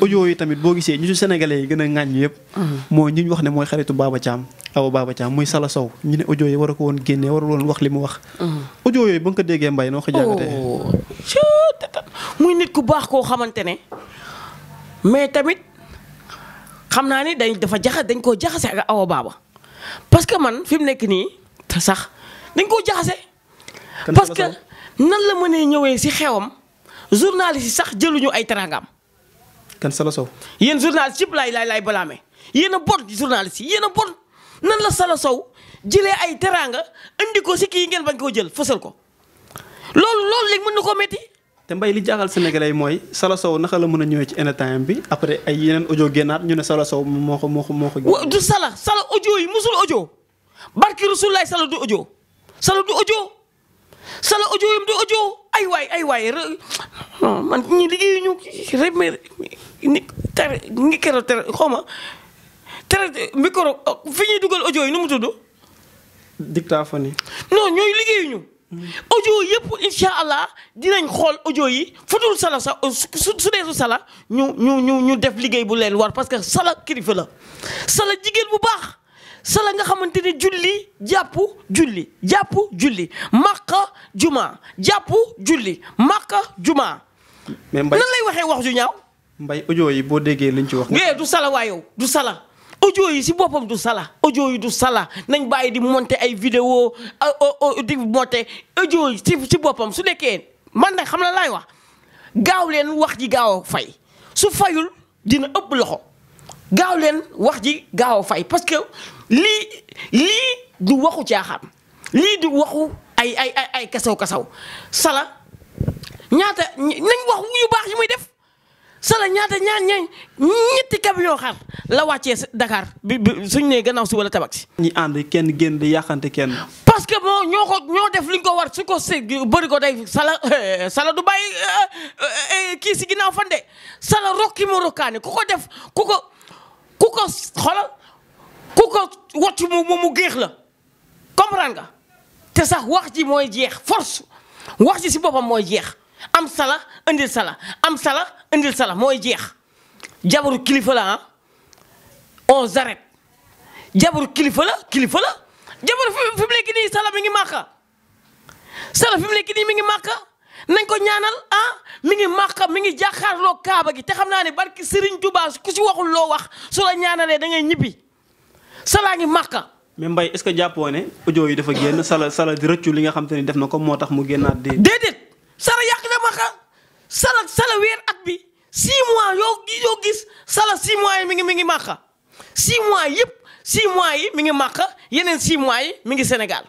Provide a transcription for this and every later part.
audio yi tamit boo gisee ñu si sénégalais yi gën a ŋàññ yëpp uh-huh. mooy ñi ñu wax ne mooy xaritu Baba Thiam awa Baba Thiam muy Sala Sow ñu ne audio yi war a ko woon génnee war a woon wax li mu wax uh-huh. audio yooyu ba nga ko déggee mbay noo ko jàngatee oh, muy nit ku baax koo xamante ne mais tamit xam naa ni dañ dafa jaxas dañ koo jaxase ak awa baaba parce que man fi mu nekk nii sax dañ koo jaxase parce que nan la mënee ñëwee si xewam journaliste si sax jëluñu ay teraangaam kan Sala Sow yéen journaliste yëpp laay laay laay balaamee a bon journaliste yi bon nan la Sala Sow ay teraanga indi ko si kii ngeen bañ koo jël fësal ko loolu loolu léegi mën na koo métti. te mbay li jaaxal sénégalais mooy Sala Sow naka la mën a ñëwee ci anytime bi après ay yeneen audio génnaat ñu ne Sala moo ko moo ko moo ko. du Sala Sala audio yi musul audio barki Rasulaay Sala du audio Sala du audio Sala audio yam du audio. ay waay ay waay man ñi liggéeyu ñu rek mais ni tere ngi keroog tere xaw ma micro fi ñuy dugal audio yi nu mu tudd. dictaphonie. non ñooy liggéeyuñu. Mm. audio yëpp incha allah dinañ xool audio yi fu dul sala sa su dee su sala ñu ñu ñu ñu def liggéey bu leen war parce que sala kilifa la sala jigéen bu baax. sa nga xamante ne julli jàpp julli jàpp julli màqa juma jàpp julli màqa juma. mais mbay nan lay waxee wax ju ñaaw. mbay audio yi boo déggee liñ ci wax. mais du sala waa yow du sala. audio yi si boppam du sala audio yi du sala nañ bàyyi di monter ay vidéo euh, euh, euh, di monter audio yi si si boppam su nekkee man na xam la laay wax gaaw leen wax ji gaaw a fay su fayul dina ëpp loxo. gaaw leen wax ji gaaw fay parce que lii lii du waxu caaxaan lii du waxu ay ay ay ay kasaw kasaw sala ñaata nañ wax yu baax yi muy def sala ñaata ñaar ña ñetti camion xar la wàccee Dakar bi suñ nee gannaaw si wala tabax si. ñi ànd kenn génn di yàqante kenn. parce que moo ñoo ko ñoo def li ñu ko war su ko si bari ko day sala sala du bàyyi eh, eh, eh, kii si ginnaaw fan de sala rokki mu rokkaane ku ko def ku ko. ko xoolal ku ko wattu mu mu géex la comprendre te sax wax ji mooy jeex force wax ji si boppam mooy jeex am sala indil sala am sala indil sala mooy jeex jabaru kilifala la ah on s'arrête jabaru kilifa la kilifa jabaru fi mu nekk nii sala mi ngi màkka sala fi mu nekk nii mi ngi màkka nañ ko ñaanal ah mi ngi màqa mi ngi jàkkaarloo kaaba gi te xam naa ne barki Serigne Touba ki si waxul loo wax su la ñaanalee da ngay ñibbi salaa ngi màqa. mais mbay est-ce que jàppoo ne audio yi dafa génn sala sala di rëccu li nga xam te ni def na ko moo tax mu génnaat di. déedéet sala yàq na màqa sala sala weer at bi 6 mois yoo yoo gis sala 6 yi mi ngi mi ngi màqa 6 mois yëpp 6 mois yi mi ngi màqa yeneen 6 yi mi ngi Sénégal.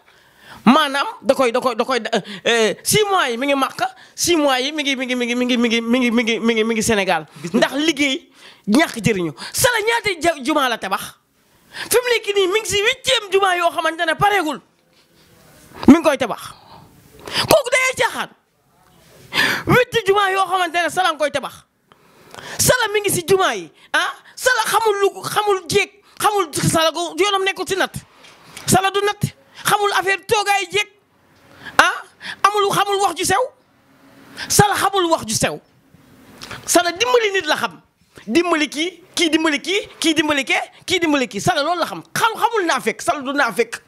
maanaam da koy da koy da koy euh, six mois yi mi ngi màq six mois yi mi ngi mi ngi mi ngi mi ngi mi ngi mi ngi mi ngi mi ngi mi ngi Sénégal ndax liggéey ñàkk jëriñu sala ñaata jumaa la tabax fi mu nii mi ngi si huitième jumaa yoo xamante ne pareegul mi ngi koy tabax kooku dayee caaxaan huit jumaa yoo xamante ne sala nga koy tabax sala mi ngi si jumaa yi ah sala xamul lu xamul jéeg xamul sala yoonam nekkul si nat sala du nat xamul affaire toogaay jekk ah amul xamul wax ju sew sala xamul wax ju sew sala dimbali nit la xam dimbali kii kii dimbali kii kii dimbali kee kii dimbali kii sala loolu la xam xam xamul naa fekk sala du naa fekk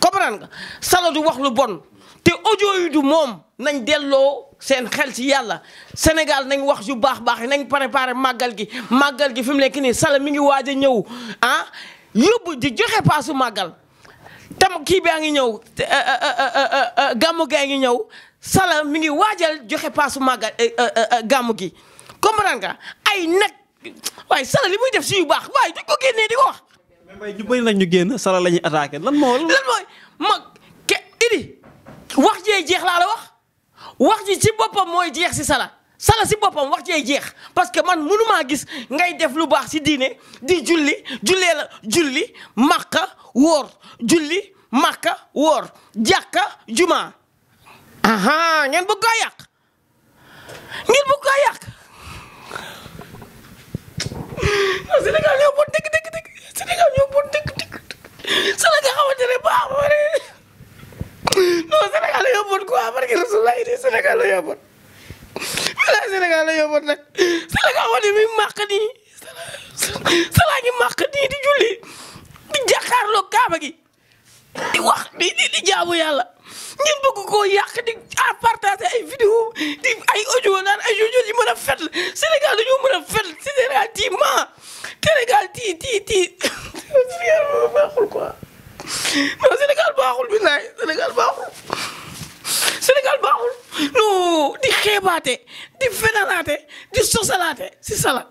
comprendre nga sala du wax lu bon te audio yi du moom nañ delloo seen xel ci yàlla Sénégal nañ wax ju baax baax yi nañ préparé màggal gi màggal gi fi mu nekk nii sala mi ngi waaj a ñëw ah yóbbu di joxe paasu màggal tam kii bi a ngi ñëw eh, eh, eh, gàmmu gaa ngi ñëw sala mi ngi waajal joxe paasu màgga gàmmu gi comprendre nga ay nag waaye sala li muy def si yu baax waaye duñ ko génnee di ko wax. mais ñu génn sala la ñuy attaqué lan moo. lan mooy ma ke idi wax jee jeex laa la wax wax ji ci boppam mooy jeex si sala sala si boppam wax cee jeex parce que man mënumaa gis ngay def lu baax si diine di julli jullee la julli màqa. woor julli màkka woor jàkka juma aha ngeen bëgg koo ngeen bëgg koo yàq Sénégal ñoo bon dëgg dëgg dëgg Sénégal ñoo bon dëgg dëgg Sénégal xamante ne di Sénégal ñoo bon wala Sénégal ñoo bon nag mi màq nii Sénégal ngi màq nii di julli jàkkaarloo kaaba gi di wax di di jaamu yàlla ngeen bëgg koo yàq di à ay vidéo di ay audio naan ay audio yi mën a fet Sénégal dañoo mën a fet Sénégal tii maa Sénégal tii tii tii Sénégal baaxul quoi Sénégal baaxul billaay Sénégal baaxul Sénégal baaxul non di xeebaate di fenalaate di sosalaate si sala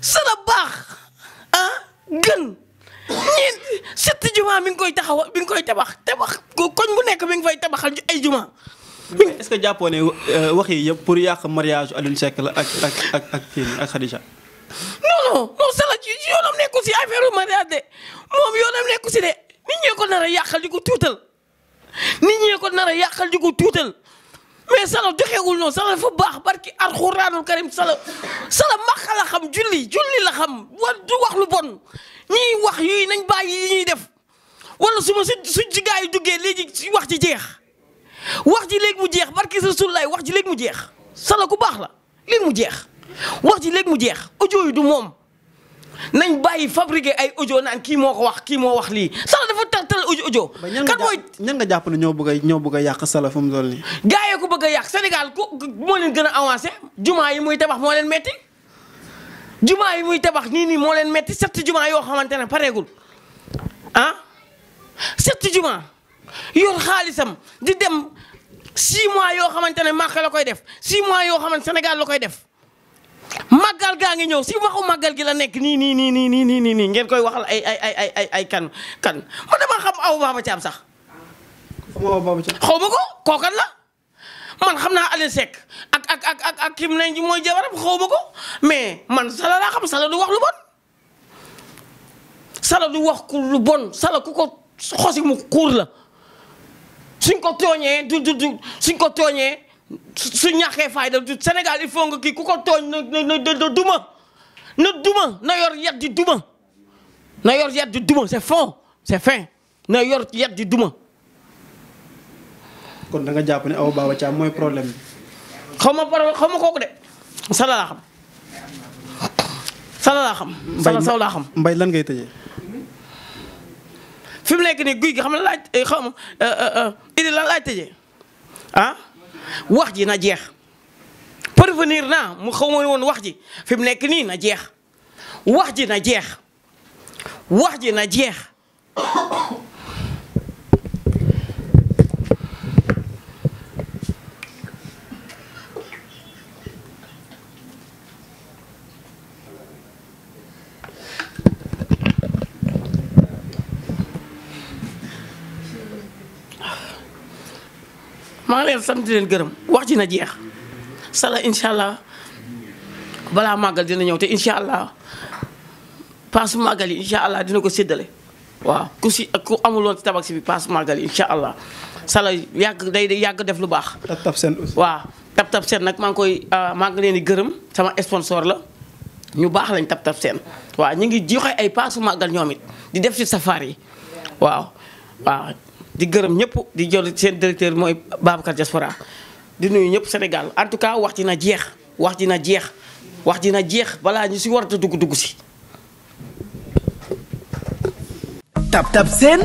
sala baax ah gën ñeent setti juma mi ngi koy taxaw mi ngi koy tabax tabax koñ bu nekk mi ngi fay tabaxal ay juma. est-ce que jàppoo euh, wax yëpp pour yàq mariage Alioune Seck la ak ak ak ak kii moom Salah yoonam nekku si affaire mariage de moom yoonam nekku si de nit ñee ko nar a yàqal di ko tuutal nit ñee ko nar a yàqal tuutal. mais sala doxewul noonu sala dafa baax barki alxuraanul karim sala sala max julli julli la war du wax lu bon ñiy wax yii nañ bàyyi yi ñuy def wala su ma su suñ ci gaa yi duggee léegi wax ci jeex wax ji léegi mu jeex barki laay wax ci léegi mu jeex sala ku baax la léegi mu jeex wax ji léegi mu jeex audio yi du moom nañ bàyyi fabriqué ay audio naan kii moo ko wax kii moo wax lii sala dafa tal tal audio audio kan mooy ñan nga jàpp ne ñoo bëgg a ñoo bëgg a yàq sala fu mu toll nii. gaa yee ko bëgg a yàq Sénégal ku moo leen gën a avancé jumaa yi muy tabax moo leen metti jumaa yi muy tabax nii nii moo leen metti sept jumaa yoo xamante ne pareegul ah sept jumaa yor xaalisam di dem six mois yoo xamante ne Màkka la koy def six mois yoo xamante Sénégal la koy def màggal gaa ngi ñëw si waxu màggal gi la nekk nii nii nii nii nii nii nii ngeen koy waxal ay ay ay ay ay kan kan ma dama xam aw baaba caam sax. xaw ma ko kookan la. man xam naa Alioune Seck ak ak ak ak ak kim nañ ji mooy jabaram xaw ma ko mais man sala laa xam sala du wax lu bon sala du wax ku bon sala ku ko xosi mu kuur la suñ ko tooñee du du du suñ ko tooñee su ñaxee fayda du Sénégal i faut nga kii ku ko tooñ na na na duma na duma na yor yat di duma na yor yat di duma c'est fond c'est fin na yor yat di duma kon da nga jàpp ni Awa Baba Thiam mooy problème xaw ma problème xaw ma kooku de. sala laa xam. mbay lan ngay tëjee. fi mu nekk nii guy gi xam ne laaj eh, xaw eh, eh, ah? wax ji na jeex parvenir naa mu xaw ma woon wax ji fi mu nekk nii na jeex wax ji na jeex wax ji na jeex. maa ngi leen gërëm wax ji na jeex sala incha allah balaa màggal dina ñëw te incha allah paas màggal yi incha allah dina ko séddale waaw ku si ku amul woon bi paas màggal yi allah sala yàgg day yàgg def lu baax. tab seen waaw tab tab nag maa ngi koy ah, maa leen di gërëm sama sponsor la. ñu baax lañ tab tab seen waaw ñu ngi joxe ay paasu màggal ñoom it di def ci safar yi waaw waaw di gërëm ñëpp di jël seen directeur mooy Babacar Diaspora di nuyu ñëpp Sénégal en tout cas wax ji na jeex wax ji na jeex wax ji na jeex balaa ñu si war a dugg dugg si. Tab Tab Seen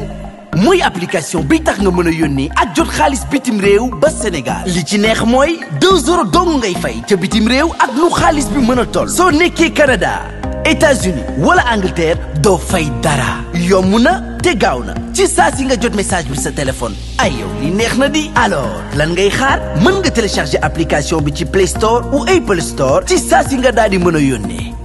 mooy application bi tax nga mën a yónnee ak jot xaalis bitim réew ba Sénégal li ci neex mooy 2 euros dong ngay fay ca bitim réew ak lu xaalis bi mën a toll. soo nekkee Canada. États-Unis wala Angleterre doo fay dara yomb na te gaaw na ci saa si nga jot message bi sa téléphone ay yow li neex na di alors lan ngay xaar mën nga télécharger application bi ci Play Store ou Apple Store ci saa si nga daal di mën a yónnee.